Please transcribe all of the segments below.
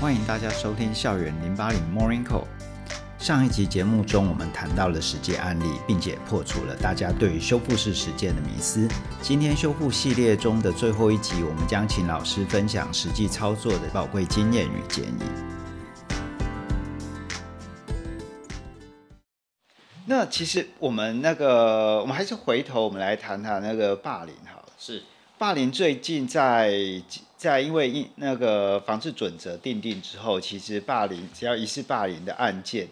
歡迎大家收聽《校園零八零 Morning Call》。上一集節目中，我們談到了實際案例，並且破除了大家對於修復式實踐的迷思。今天修復系列中的最後一集，我們將請老師分享實際操作的寶貴經驗與建議。那其實我們那個，我們還是回頭，我們來談談那個霸凌。好，是霸凌最近在。在因為一那個防治準則訂定之後，其實霸凌只要疑似霸凌的案件，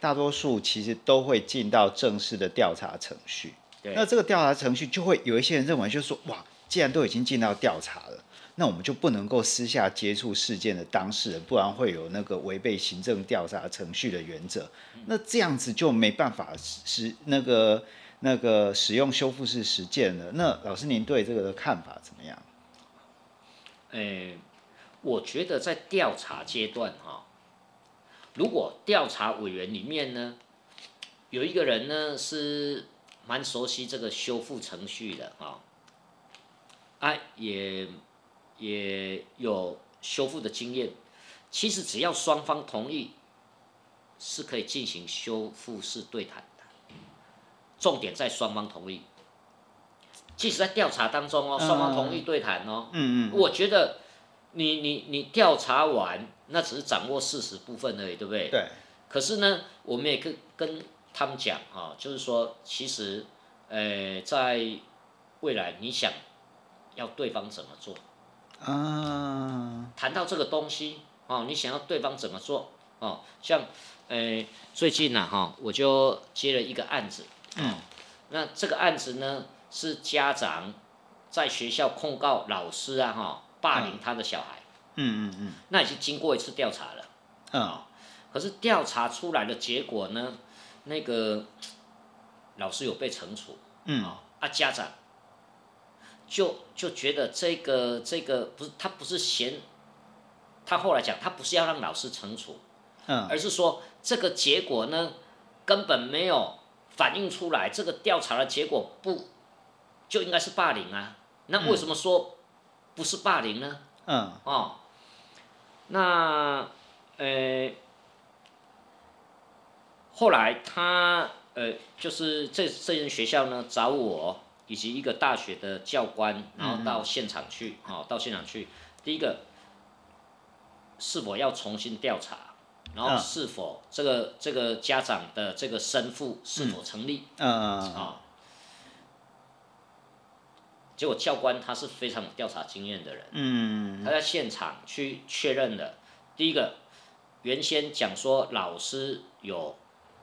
大多數其實都會進到正式的調查程序。對。那這個調查程序就會有一些人認為，就是說，哇，既然都已經進到調查了，那我們就不能夠私下接觸事件的當事人，不然會有那個違背行政調查程序的原則。那這樣子就沒辦法使那個那個使用修復式實踐了。那老師您對這個的看法怎麼樣？呃、欸，我覺得在調查階段哈，如果調查委員裡面呢，有一個人呢是蠻熟悉這個修復程序的啊，哎也也有修復的經驗，其實只要雙方同意，是可以進行修復式對談的，重點在雙方同意。即使在調查當中哦，雙方同意對談哦，嗯嗯，嗯，我覺得你你你調查完，那只是掌握事實部分而已，對不對？對。可是呢，我們也跟跟他們講啊，就是說，其實，誒，在未來，你想要對方怎麼做啊？談到這個東西哦，你想要對方怎麼做哦？像，誒，最近呢，哈，我就接了一個案子，嗯，喔，那這個案子呢？是家長在學校控告老師啊，哈，霸凌他的小孩。嗯嗯嗯。那已經經過一次調查了。嗯。可是調查出來的結果呢，那個老師有被懲處。嗯。啊，家長就就覺得這個這個不是他不是嫌他後來講他不是要讓老師懲處。嗯。而是說這個結果呢，根本沒有反映出來，這個調查的結果不。就應該是霸凌啊，那為什麼說不是霸凌呢？嗯，哦，那呃、欸，後來他呃、欸，就是這這間學校呢，找我以及一個大學的教官，然後到現場去啊、嗯哦，到現場去，第一個是否要重新調查，然後是否這個這個家長的這個身份，是否成立？嗯啊。嗯哦結果教官他是非常有調查經驗的人，嗯，他在現場去確認了，第一個，原先講說老師有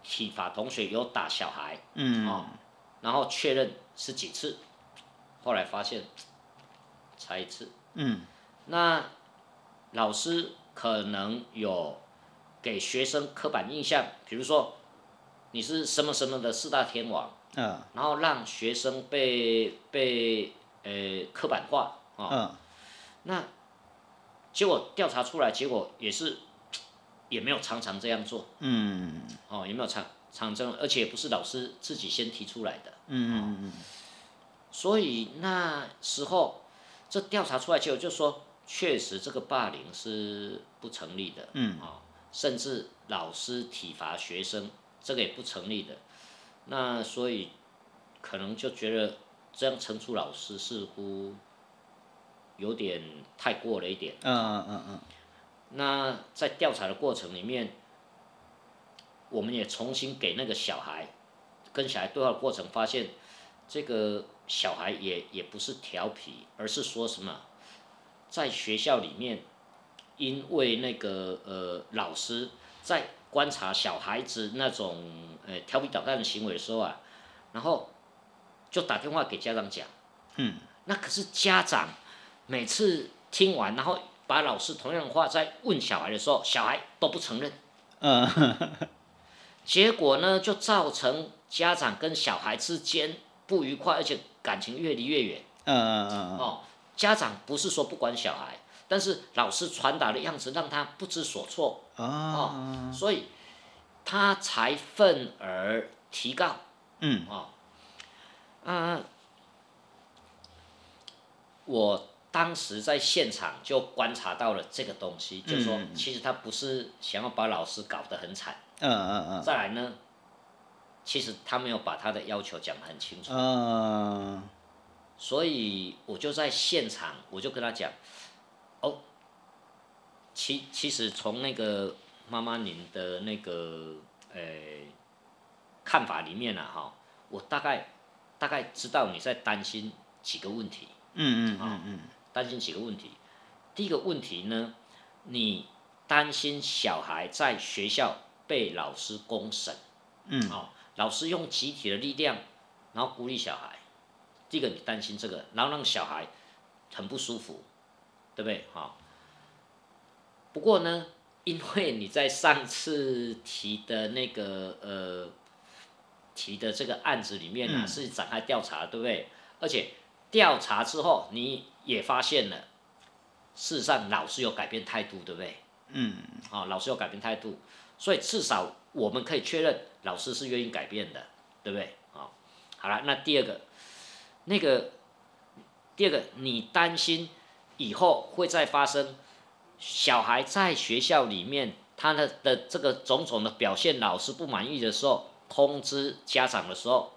體罰同學，有打小孩，嗯，啊、哦，然後確認是幾次，後來發現，才一次，嗯，那老師可能有給學生刻板印象，比如說，你是什麼什麼的四大天王，嗯，然後讓學生被被。呃，刻板化啊、哦哦，那結果調查出來，結果也是也沒有常常這樣做，嗯，哦，也沒有常常這樣，而且不是老師自己先提出來的，嗯嗯，嗯、哦、所以那時候這調查出來結果就說，確實這個霸凌是不成立的，嗯啊、哦，甚至老師體罰學生這個也不成立的，那所以可能就覺得。這樣懲處老師似乎有點太過了一點。嗯嗯嗯嗯，那在調查的過程裡面，我們也重新給那個小孩跟小孩對話的過程，發現這個小孩也也不是調皮，而是說什麼在學校裡面，因為那個呃老師在觀察小孩子那種呃調皮搗蛋的行為的時候啊，然後。就打電話給家長講，嗯，那可是家長每次聽完，然後把老師同樣的話再問小孩的時候，小孩都不承認，嗯，結果呢就造成家長跟小孩之間不愉快，而且感情越離越遠，嗯，哦，家長不是說不管小孩，但是老師傳達的樣子讓他不知所措，嗯，哦，所以他才憤而提告，嗯哦。啊、uh, 我當時在現場就觀察到了這個東西，就說其實他不是想要把老師搞得很慘。嗯嗯嗯。再來呢，其實他沒有把他的要求講得很清楚。嗯、uh. 所以我就在現場，我就跟他講，哦，其其實從那個媽媽您的那個、欸、看法裡面呢，哈，我大概。大概知道你在擔心幾個問題，嗯嗯嗯嗯，哦、擔心幾個問題。第一個問題呢，你擔心小孩在學校被老師公審，嗯，哦，老師用集體的力量，然後鼓勵小孩，第一個你擔心這個，然後讓小孩很不舒服，對不對？哈、哦。不過呢，因為你在上次提的那個呃。提的這個案子裡面呢、啊，是展開調查、嗯，對不對？而且調查之後，你也發現了，事實上老師有改變態度，對不對？嗯。啊、哦，老師有改變態度，所以至少我們可以確認，老師是願意改變的，對不對？啊、哦，好了，那第二個，那個第二個，你擔心以後會再發生，小孩在學校裡面他的的這個種種的表現，老師不滿意的時候。通知家長的時候，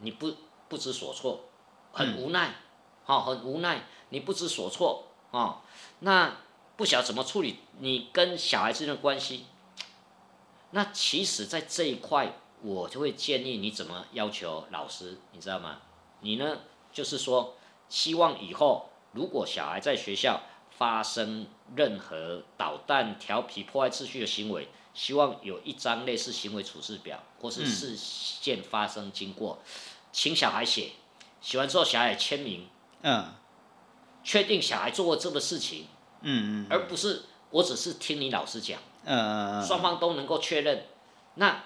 你不不知所措，很無奈，好，很無奈，你不知所措啊，那不曉得怎麼處理你跟小孩子之間的關係。那其實，在這一塊，我就會建議你怎麼要求老師，你知道嗎？你呢，就是說，希望以後如果小孩在學校發生任何搗蛋、調皮、破壞秩序的行為，希望有一張類似行為處事表，或是事件發生經過，嗯、請小孩寫，寫完之後小孩簽名，嗯、呃，確定小孩做過這個事情，嗯嗯，而不是我只是聽你老師講，嗯、呃，雙方都能夠確認。那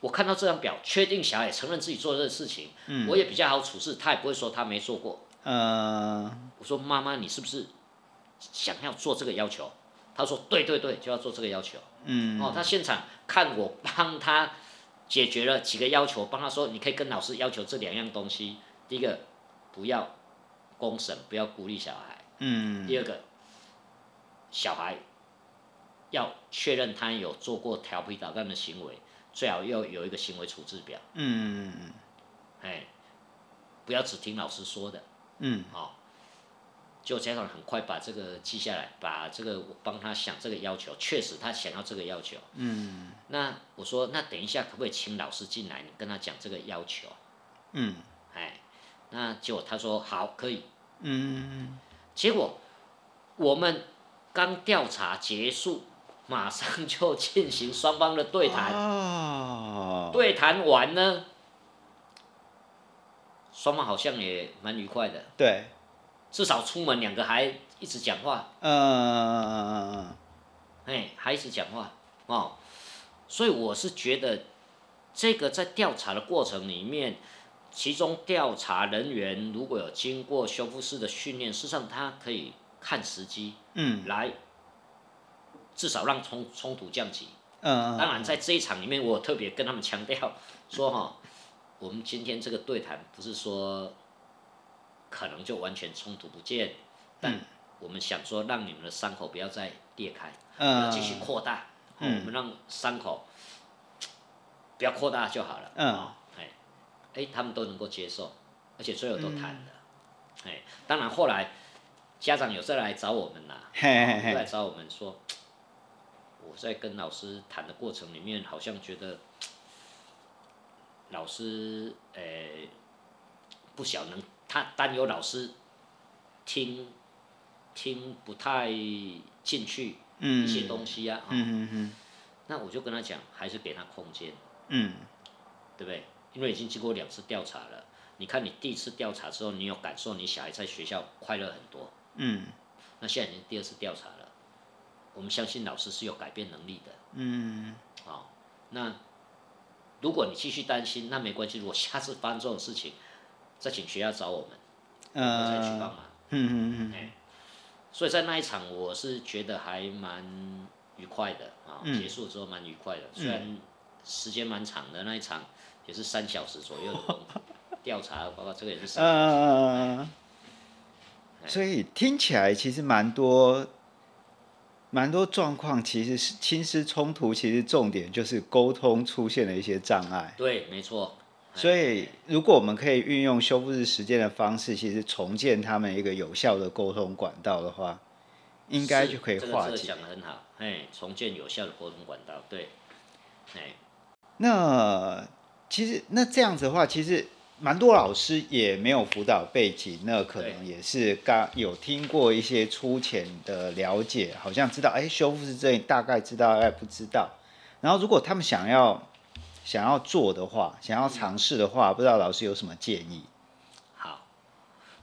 我看到這張表，確定小孩也承認自己做這個事情，嗯，我也比較好處事，他也不會說他沒做過。嗯、呃，我說媽媽，你是不是想要做這個要求？他說對對對，就要做這個要求。嗯，哦，他現場看我幫他解決了幾個要求，幫他說，你可以跟老師要求這兩樣東西。第一個，不要公審，不要鼓勵小孩。嗯。第二個，小孩要確認他有做過調皮搗蛋的行為，最好要有一個行為處置表。嗯嗯嗯嗯。哎，不要只聽老師說的。嗯。哦。就家長很快把這個記下來，把這個我幫他想這個要求，確實他想要這個要求。嗯。那我說，那等一下可不可以請老師進來，你跟他講這個要求？嗯。哎，那結果他說好可以。嗯。結果我們剛調查結束，馬上就進行雙方的對談。哦。對談完呢，雙方好像也蠻愉快的。對。至少出門兩個還一直講話，嗯嗯嗯嗯嗯，哎，還一直講話哦，所以我是覺得，這個在調查的過程裡面，其中調查人員如果有經過修復式的訓練，事實上他可以看時機，嗯，來至少讓衝衝突降級，嗯、uh...。當然在這一場裡面，我特別跟他們強調說哈， 我們今天這個對談不是說。可能就完全衝突不見，但我們想說讓你們的傷口不要再裂開，要、嗯、繼、呃、續擴大，我們讓傷口不要擴大就好了。嗯，哎、欸，他們都能夠接受，而且所有都談了。哎、嗯，當然後來家長有事來找我們啦、啊，嘿嘿嘿來找我們說，我在跟老師談的過程裡面，好像覺得老師哎、欸、不曉得能。他擔憂老師聽聽不太進去一些東西啊，嗯、哦、嗯哼哼，那我就跟他講，還是給他空間，嗯，對不對？因為已經經過兩次調查了。你看，你第一次調查之後，你有感受，你小孩在學校快樂很多，嗯。那現在已經第二次調查了，我們相信老師是有改變能力的，嗯。好、哦，那如果你繼續擔心，那沒關係，如果下次發生這種事情。再請學校找我們，我、呃、再去幫忙。嗯嗯嗯。哎，所以在那一場，我是覺得還蠻愉快的啊、嗯哦。結束之後蠻愉快的、嗯，雖然時間蠻長的，那一場也是三小時左右的調查，包括這個也是三小時、呃。嗯嗯嗯，所以聽起來其實蠻多，蠻多狀況，其實是親師衝突，其實重點就是溝通出現了一些障礙。對，沒錯。所以，如果我們可以運用修復式實踐的方式，其實重建他們一個有效的溝通管道的話，應該就可以化解。講、這個、的得很好，哎，重建有效的溝通管道，對，那其實，那這樣子的話，其實蠻多老師也沒有輔導背景，那可能也是剛有聽過一些粗淺的了解，好像知道，哎、欸，修復式實踐大概知道，大概不知道。然後，如果他們想要。想要做的話，想要嘗試的話，不知道老師有什麼建議？好，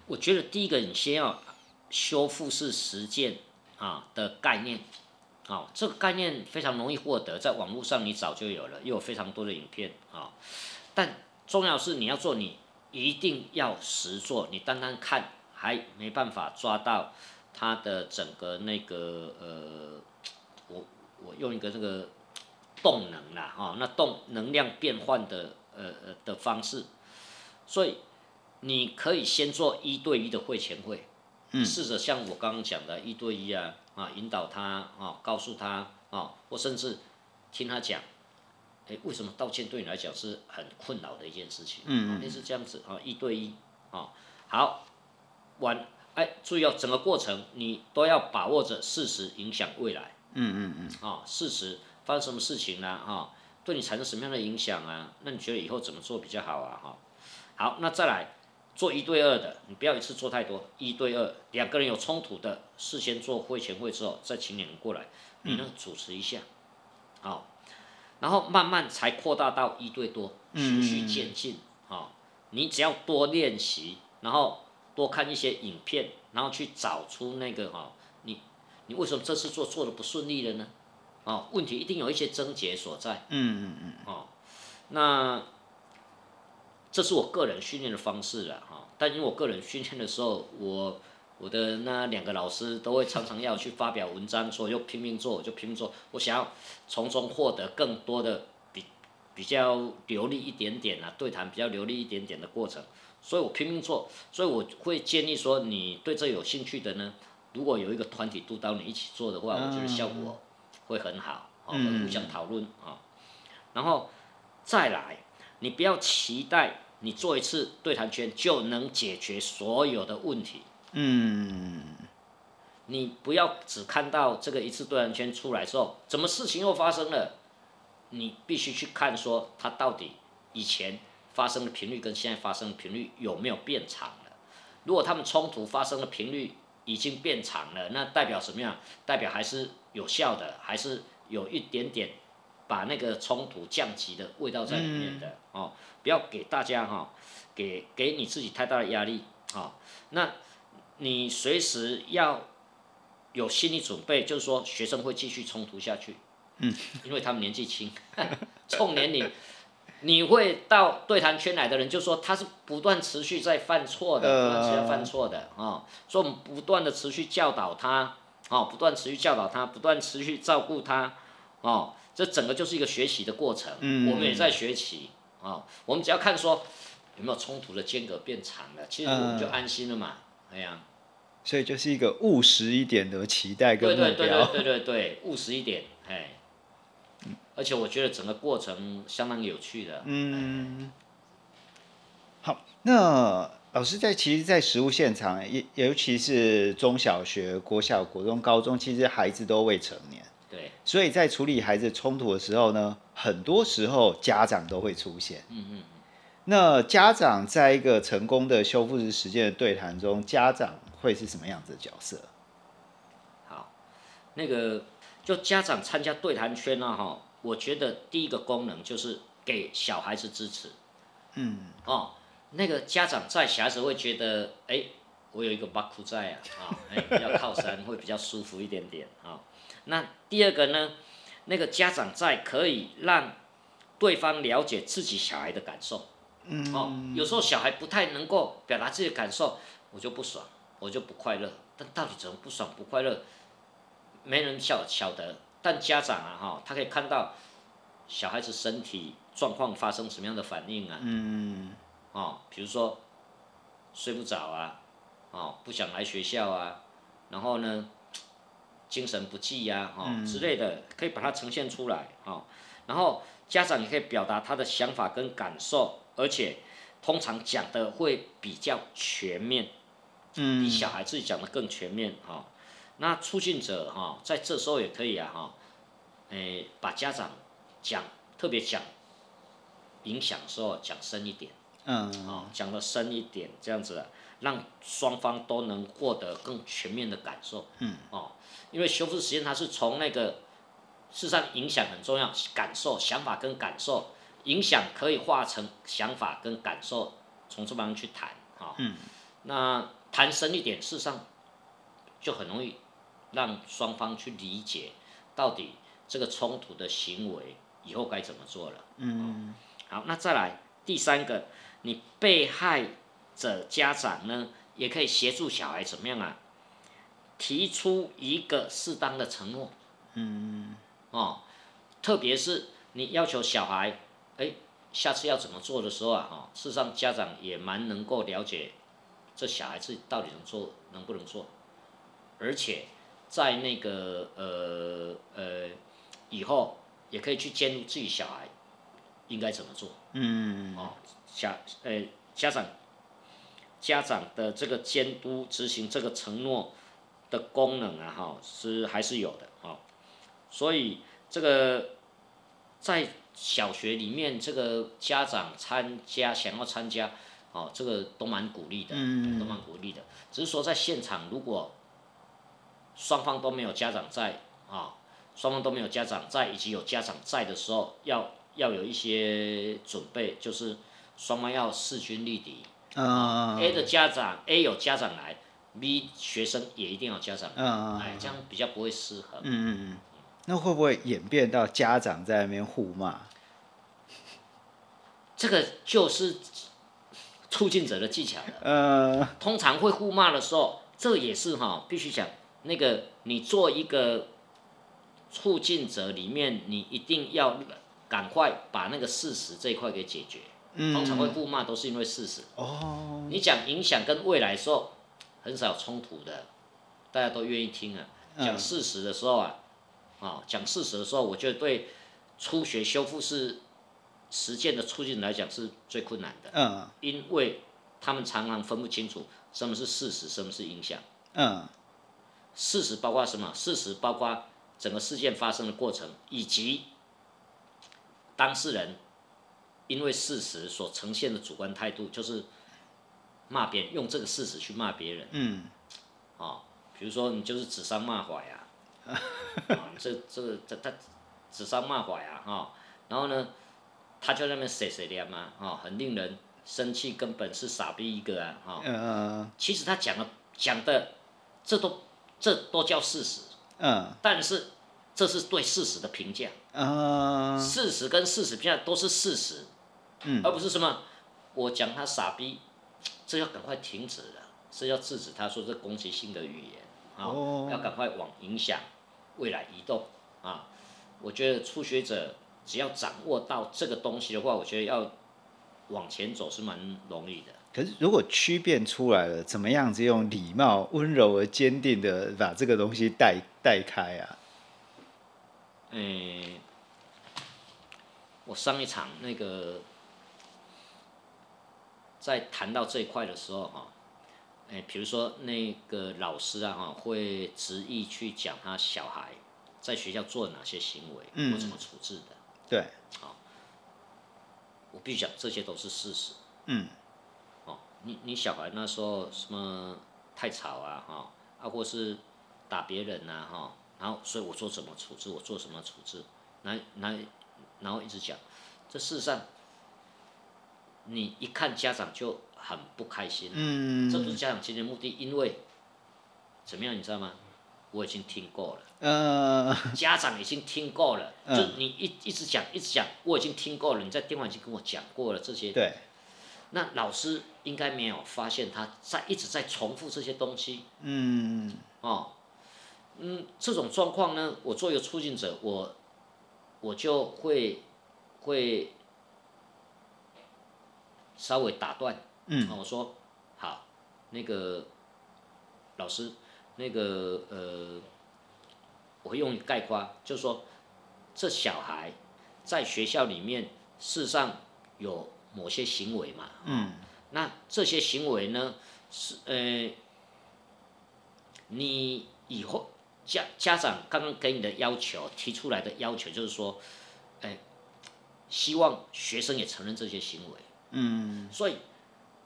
我覺得第一個，你先要修復式實踐啊的概念，啊、哦，這個概念非常容易獲得，在網絡上你早就有了，又有非常多的影片啊、哦。但重要是你要做，你一定要實做，你單單看還沒辦法抓到它的整個那個呃，我我用一個這、那個。動能啦，啊、哦，那動能量變換的，呃呃的方式，所以你可以先做一對一的會前會，試、嗯、着像我剛剛講的一對一啊啊，引導他啊，告訴他啊，或甚至聽他講、欸，為什麼道歉對你來講是很困擾的一件事情？嗯，嗯，你、啊、是這樣子啊，一對一啊，好，完，哎，注意要、哦、整個過程你都要把握着事實影響未來。嗯嗯嗯，啊，事實。發生什麼事情啦、啊？哈、哦，對你產生什麼樣的影響啊？那你覺得以後怎麼做比較好啊？哈、哦，好，那再來做一對二的，你不要一次做太多，一對二，兩個人有衝突的，事先做會前會之後再請你們過來，你們主持一下、嗯，好，然後慢慢才擴大到一對多，循序漸進，哈、嗯嗯嗯哦，你只要多練習，然後多看一些影片，然後去找出那個哈、哦，你你為什麼這次做做得不順利了呢？哦，問題一定有一些症結所在。嗯嗯嗯。哦，那這是我個人訓練的方式了哈、哦。但因為我個人訓練的時候，我我的那兩個老師都會常常要去發表文章說，說就拼命做，我就拼命做，我想要從中獲得更多的比比較流利一點點啊，對談比較流利一點點的過程，所以我拼命做。所以我會建議說，你對這有興趣的呢，如果有一個團體督導你一起做的話，我覺得效果會很好，我互相討論啊、嗯，然後再來，你不要期待你做一次對談圈就能解決所有的問題。嗯，你不要只看到這個一次對談圈出來之後，怎麼事情又發生了？你必須去看說它到底以前發生的頻率跟現在發生的頻率有沒有變長了？如果他們衝突發生的頻率，已經變長了，那代表什麼樣？代表還是有效的，還是有一點點把那個衝突降級的味道在裡面的、嗯、哦。不要給大家哈、哦，給給你自己太大的壓力啊、哦。那你隨時要有心理準備，就是說學生會繼續衝突下去、嗯，因為他們年紀輕，衝年齡。 你會到對談圈來的人，就說他是不斷持續在犯錯的，不斷持續犯錯的啊、呃哦，所以我們不斷的持續教導他，啊、哦，不斷持續教導他，不斷持續照顧他，哦，這整個就是一個學習的過程，嗯、我們也在學習啊、哦，我們只要看說有沒有衝突的間隔變長了，其實我們就安心了嘛，哎、呃、呀、啊，所以就是一個務實一點的期待跟目標，對對對對對對對，對，務實一點，哎。而且我覺得整個過程相當有趣的。嗯，嗯好，那老師在其實，在實務現場，尤尤其是中小學、國小、國中、高中，其實孩子都未成年。對。所以在處理孩子衝突的時候呢，很多時候家長都會出現。嗯嗯嗯。那家長在一個成功的修復式實踐的對談中，家長會是什麼樣子的角色？好，那個就家長參加對談圈了、啊、哈。我覺得第一個功能就是給小孩子支持，嗯，哦，那個家長在，小孩子會覺得，哎、欸，我有一個 backup 在啊，啊、哦，哎、欸，比較靠山， 會比較舒服一點點啊、哦。那第二個呢，那個家長在可以讓對方了解自己小孩的感受，嗯，哦，有時候小孩不太能夠表達自己的感受，我就不爽，我就不快樂，但到底怎麼不爽不快樂，沒人曉曉得。但家長啊，哈、哦，他可以看到小孩子身體狀況發生什麼樣的反應啊？嗯。哦，比如說睡不着啊，哦，不想來學校啊，然後呢，精神不濟呀、啊，哦、嗯、之類的，可以把它呈現出來，哦。然後家長也可以表達他的想法跟感受，而且通常講的會比較全面，嗯，比小孩子講的更全面，哈、哦。那促進者哈，在這時候也可以啊哈，誒、欸，把家長講特別講影響的時候講深一點，嗯，哦，講得深一點這樣子，讓雙方都能獲得更全面的感受，嗯，哦，因為修復式實踐它是從那個，事實上影響很重要，感受、想法跟感受，影響可以化成想法跟感受，從這方面去談，哈，hmm. 那談深一點，事實上。就很容易讓雙方去理解，到底這個衝突的行為以後該怎麼做了。嗯，哦、好，那再來第三個，你被害者家長呢，也可以協助小孩怎麼樣啊？提出一個適當的承諾。嗯，哦，特別是你要求小孩，誒、欸，下次要怎麼做的時候啊，哈、哦，事實上家長也蠻能夠了解這小孩子到底能做能不能做。而且，在那個呃呃以後，也可以去監督自己小孩應該怎麼做。嗯哦，家呃、欸、家長家長的這個監督執行這個承諾的功能啊，哈、哦、是還是有的哦。所以這個在小學裡面，這個家長參加想要參加哦，這個都蠻鼓勵的，嗯、都蠻鼓勵的。只是說在現場如果，雙方都沒有家長在啊，雙、哦、方都沒有家長在，以及有家長在的時候，要要有一些準備，就是雙方要勢均力敵，嗯、呃啊、A 的家長 A 有家長來，B 學生也一定要家長來，呃哎、這樣比較不會失衡。嗯嗯嗯，那會不會演變到家長在那邊互罵？這個就是促進者的技巧了呃，通常會互罵的時候，這個、也是哈、哦，必須講。那個，你做一個促進者，裡面你一定要趕快把那個事實這一塊給解決。嗯。通常會互罵，都是因為事實。哦。你講影響跟未來的時候，很少有衝突的，大家都願意聽啊。講事實的時候啊，嗯哦、講事實的時候，我覺得對初學修復式實踐的促進來講是最困難的。嗯。因為他們常常分不清楚什麼是事實，什麼是影響。嗯。事實包括什麼？事實包括整個事件發生的過程，以及當事人因為事實所呈現的主觀態度，就是罵別人，用這個事實去罵別人。嗯。啊、哦，比如說你就是指桑罵槐呀，啊， 哦、這這這他指桑罵槐呀、啊，哈、哦。然後呢，他就那邊碎碎念嘛，哈、哦，很令人生氣，根本是傻逼一個啊，哈、哦呃。其實他講的講的這都。這都叫事實，嗯、uh,，但是這是對事實的評價，啊、uh,，事實跟事實評價都是事實，嗯，而不是什麼我講他傻逼，這要趕快停止了，是要制止他說這攻擊性的語言，oh. 啊，要趕快往影響未來移動，啊，我覺得初學者只要掌握到這個東西的話，我覺得要往前走是蠻容易的。可是，如果區別出來了，怎麼樣子用禮貌、溫柔而堅定的把這個東西帶帶開啊？誒、欸，我上一場那個在談到這一塊的時候，哈、欸，比如說那個老師啊，哈，會執意去講他小孩在學校做了哪些行為，我、嗯、或怎麼處置的，對，好，我必須講，這些都是事實，嗯。你你小孩那時候什麼太吵啊哈啊，或是打別人吶、啊、哈、啊，然後所以我說什麼處置我做什麼處置，那那然後一直講，這事實上，你一看家長就很不開心、啊，嗯，這不是家長今天的目的，因為怎麼樣你知道嗎？我已經聽過了，呃、嗯，家長已經聽過了，嗯、就你一一直講一直講，我已經聽過了，你在電話已經跟我講過了這些，對。那老師應該沒有發現他在一直在重複這些東西，嗯，哦，嗯，這種狀況呢，我作為一個促進者，我，我就會，會稍微打斷，嗯，我說，嗯、好，那個老師，那個呃，我用你概括，就說這小孩在學校裡面，事實上有。某些行為嘛，嗯，那這些行為呢，是呃、欸，你以後家家長剛剛給你的要求提出來的要求，就是說，哎、欸，希望學生也承認這些行為，嗯，所以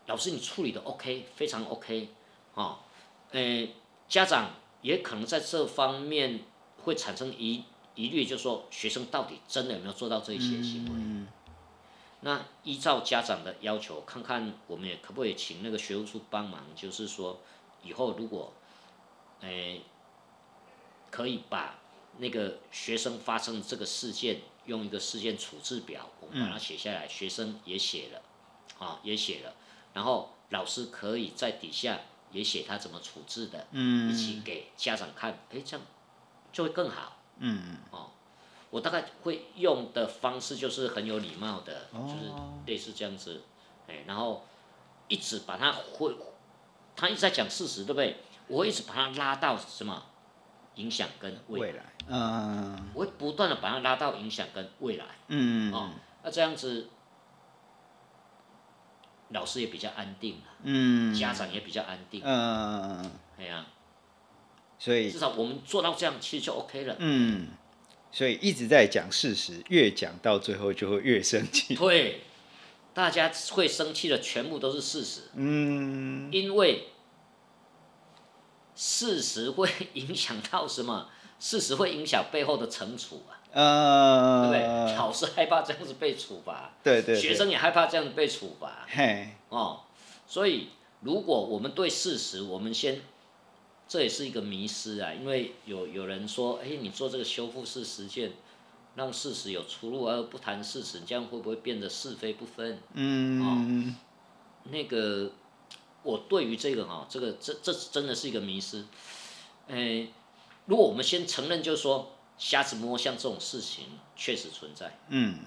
老師你處理的 OK，非常 OK 哦、喔，呃、欸，家長也可能在這方面會產生疑疑慮，就是說學生到底真的有沒有做到這一些行為。嗯嗯那依照家長的要求，看看我們也可不可以請那個學務處幫忙，就是說以後如果，誒、欸，可以把那個學生發生這個事件用一個事件處置表，我們把它寫下來、嗯，學生也寫了，啊、哦，也寫了，然後老師可以在底下也寫他怎麼處置的、嗯，一起給家長看，誒、欸，這樣就會更好，嗯嗯，哦。我大概會用的方式就是很有禮貌的，就是類似這樣子，哎、哦欸，然後一直把他會，他一直在講事實，對不對？我會一直把他拉到什麼影響跟未來，未來呃、我會不斷的把他拉到影響跟未來，嗯，哦，那這樣子老師也比較安定，嗯，家長也比較安定，嗯嗯嗯嗯，哎呀、對啊，所以至少我們做到這樣其實就 OK 了，嗯。所以一直在講事實，越講到最後就會越生氣。對，大家會生氣的全部都是事實。嗯。因為事實會影響到什麼？事實會影響背後的懲處啊。呃、對不對？老師害怕這樣子被處罰。對對，對對。學生也害怕這樣子被處罰。嘿。哦。所以如果我們對事實，我們先。這也是一個迷思啊，因為有有人說：“哎，你做這個修復式實踐，讓事實有出入而不談事實，這樣會不會變得是非不分？”嗯，哦、那個，我對於這個哈、哦，這個這這真的是一個迷思。哎，如果我們先承認，就是說瞎子摸象這種事情確實存在。嗯，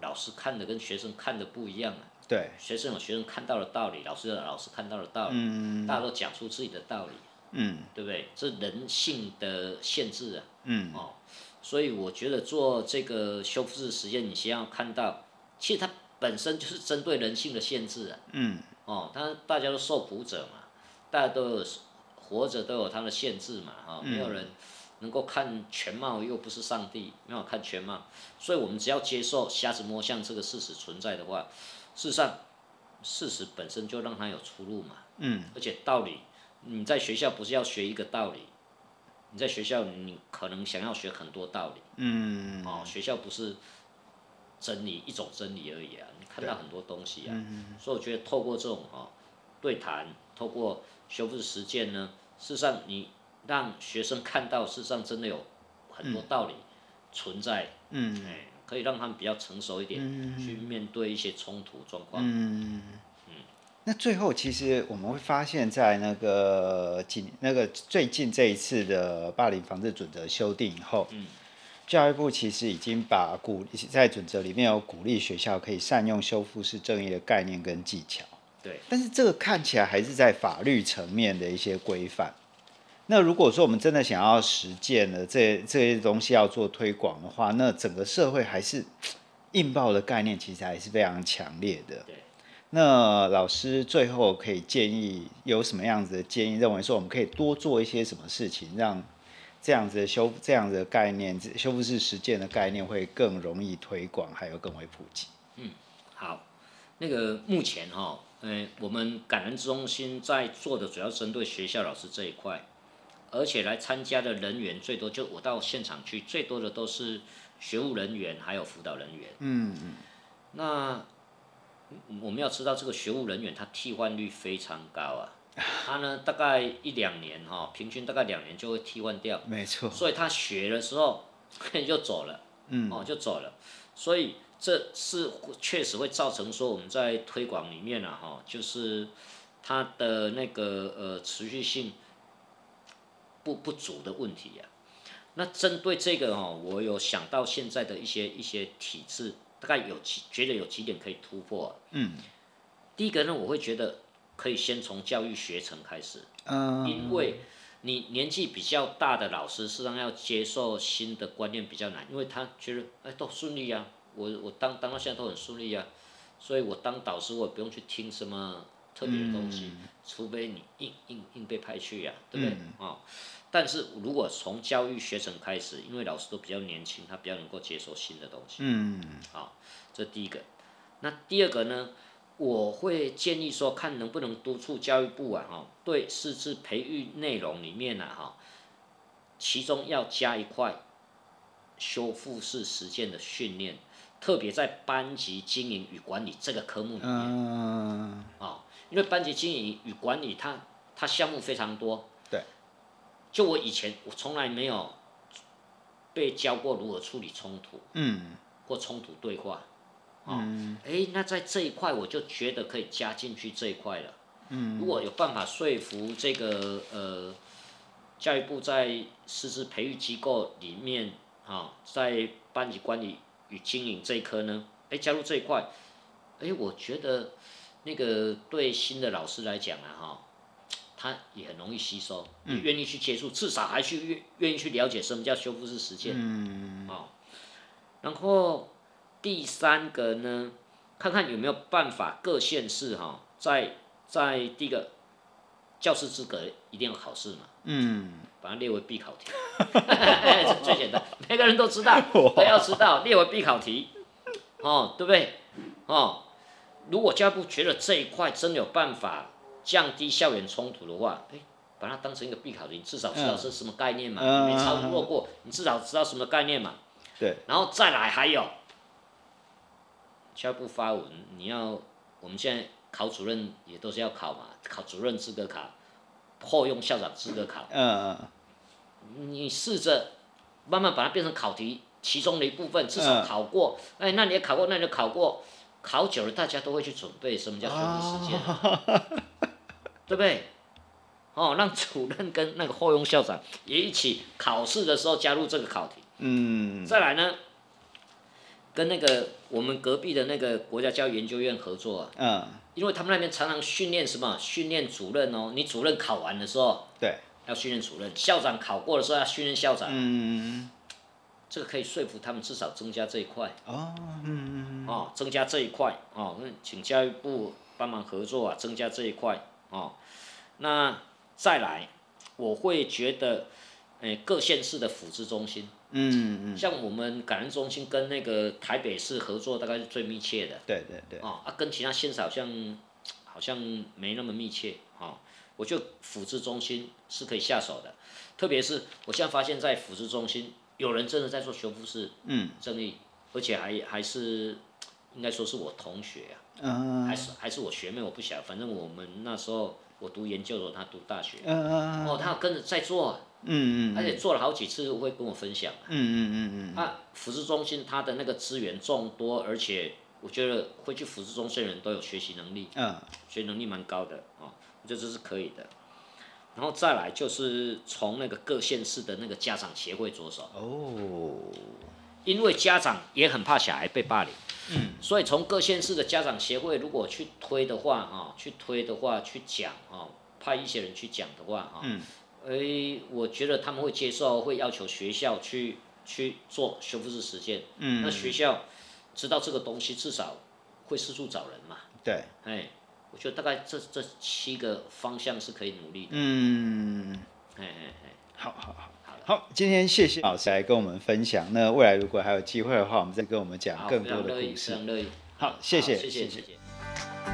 老師看的跟學生看的不一樣啊。對。學生有學生看到的道理，老師有老師看到的道理，嗯、大家都講出自己的道理。嗯，對不對？是人性的限制啊。嗯。哦，所以我覺得做這個修復式實踐，你先要看到，其實它本身就是針對人性的限制啊。嗯。哦，但是大家都受苦者嘛，大家都有活着都有它的限制嘛。哈、哦嗯，沒有人能夠看全貌，又不是上帝，沒有看全貌，所以我們只要接受瞎子摸象這個事實存在的話，事實上，事實本身就讓它有出路嘛。嗯。而且道理。你在學校不是要學一個道理，你在學校你可能想要學很多道理。嗯。哦，學校不是真理，一種真理而已啊，你看到很多東西啊。嗯、所以我覺得透過這種哦，對談，透過修復式實踐呢，事實上你讓學生看到，事實上真的有很多道理存在。嗯。哎，可以讓他們比較成熟一點，嗯、去面對一些衝突狀況。嗯。嗯那最後，其實我們會發現，在那個近、那個最近這一次的霸凌防治準則修訂以後，嗯，教育部其實已經把鼓在準則裡面有鼓勵學校可以善用修復式正義的概念跟技巧。對。但是這個看起來還是在法律層面的一些規範。那如果說我們真的想要實踐的這些這些東西要做推廣的話，那整個社會還是應報的概念，其實還是非常強烈的。對。那老師最後可以建議有什麼樣子的建議？認為說我們可以多做一些什麼事情，讓這樣子的修這樣子的概念、修復式實踐的概念會更容易推廣，還有更為普及。嗯，好，那個目前哈，嗯、欸，我們感恩中心在做的主要針對學校老師這一塊，而且來參加的人員最多，就我到現場去最多的都是學務人員，還有輔導人員。嗯嗯，那。我們要知道這個學務人員他替換率非常高啊，他呢大概一兩年哈，平均大概兩年就會替換掉，沒錯，所以他學的時候就走了，嗯，哦就走了，所以這是確實會造成說我們在推廣裡面啊哈，就是他的那個呃持續性不不足的問題呀、啊。那針對這個哈、哦，我有想到現在的一些一些體制。大概有幾，覺得有幾點可以突破、啊。嗯，第一個呢，我會覺得可以先從教育學程開始、嗯。因為你年紀比較大的老師，實際上要接受新的觀念比較難，因為他覺得，哎、欸，都順利呀、啊，我我當當到現在都很順利呀、啊，所以我當導師，我也不用去聽什麼。特別的東西，除、嗯、非你硬硬硬被派去呀、啊，對不對啊、嗯哦？但是如果從教育學程開始，因為老師都比較年輕，他比較能夠接受新的東西。嗯，好、哦，這第一個。那第二個呢？我會建議說，看能不能督促教育部啊，哈、哦，對，師資培育內容裡面呢、啊，哈、哦，其中要加一塊修復式實踐的訓練，特別在班級經營與管理這個科目裡面，啊、呃。哦因為班級經營與管理它，它它項目非常多。對。就我以前，我從來沒有被教過如何處理衝突。嗯。或衝突對話。嗯。誒、哦欸，那在這一塊，我就覺得可以加進去這一塊了。嗯。如果有辦法說服這個呃，教育部在師資培育機構裡面啊、哦，在班級管理與經營這一科呢，誒、欸，加入這一塊，誒、欸，我覺得。那個對新的老師來講啊，哈，他也很容易吸收，願意去接觸，至少還去願願意去了解什麼叫修復式實踐，嗯、哦，然後第三個呢，看看有沒有辦法各縣市哈、哦，在在第一個教師資格一定要考試嘛，嗯，把它列為必考題， 最簡單，每個人都知道，都要知道，列為必考題，哦，對不對，哦。如果教育部覺得這一塊真有辦法降低校園衝突的話，誒，把它當成一個必考題，至少知道是什麼概念嘛，嗯、你沒操作過、嗯，你至少知道什麼概念嘛。對。然後再來還有，教育部發文，你要我們現在考主任也都是要考嘛，考主任資格考，或用校長資格考。嗯嗯。你試着慢慢把它變成考題其中的一部分，至少考過。哎、嗯，那你也考過，那你就考過。考久了，大家都會去準備。什麼叫準備時間啊。哦？對不對？哦，讓主任跟那個候用校長也一起考試的時候加入這個考題。嗯。再來呢，跟那個我們隔壁的那個國家教育研究院合作啊。嗯。因為他們那邊常常訓練什麼？訓練主任哦，你主任考完的時候，對，要訓練主任；校長考過的時候要訓練校長。嗯。這個可以說服他們至少增加這一塊哦，嗯嗯，哦，增加這一塊哦，請教育部幫忙合作啊，增加這一塊哦。那再來，我會覺得，誒、欸，各縣市的輔諮中心，嗯嗯，像我們感恩中心跟那個台北市合作，大概是最密切的，對對對，哦，啊，跟其他縣市好像好像沒那麼密切哦。我覺得輔諮中心是可以下手的，特別是我現在發現，在輔諮中心。有人真的在做修復式，嗯，正義，而且還還是應該說是我同學啊，嗯、還是還是我學妹，我不曉得。反正我們那時候我讀研究所，他讀大學，嗯、哦，他跟着在做，嗯嗯，而且做了好幾次我會跟我分享、啊，嗯嗯嗯嗯，他復職中心他的那個資源眾多，而且我覺得會去復職中心的人都有學習能力，嗯，學習能力蠻高的哦，我覺得這是可以的。然後再來就是從那個各縣市的那個家長協會着手哦，因為家長也很怕小孩被霸凌，嗯，所以從各縣市的家長協會如果去推的話啊，去推的話去講啊，派一些人去講的話哈。嗯，我覺得他們會接受，會要求學校去去做修復式實踐，嗯，那學校知道這個東西至少會四處找人嘛，對，哎。我覺得大概這這七個方向是可以努力的。嗯，好好好，好，好，好，好，今天謝謝老師來跟我們分享。那未來如果還有機會的話，我們再跟我們講更多的故事。好，非常樂意，好好好好好好謝謝，謝謝，謝謝。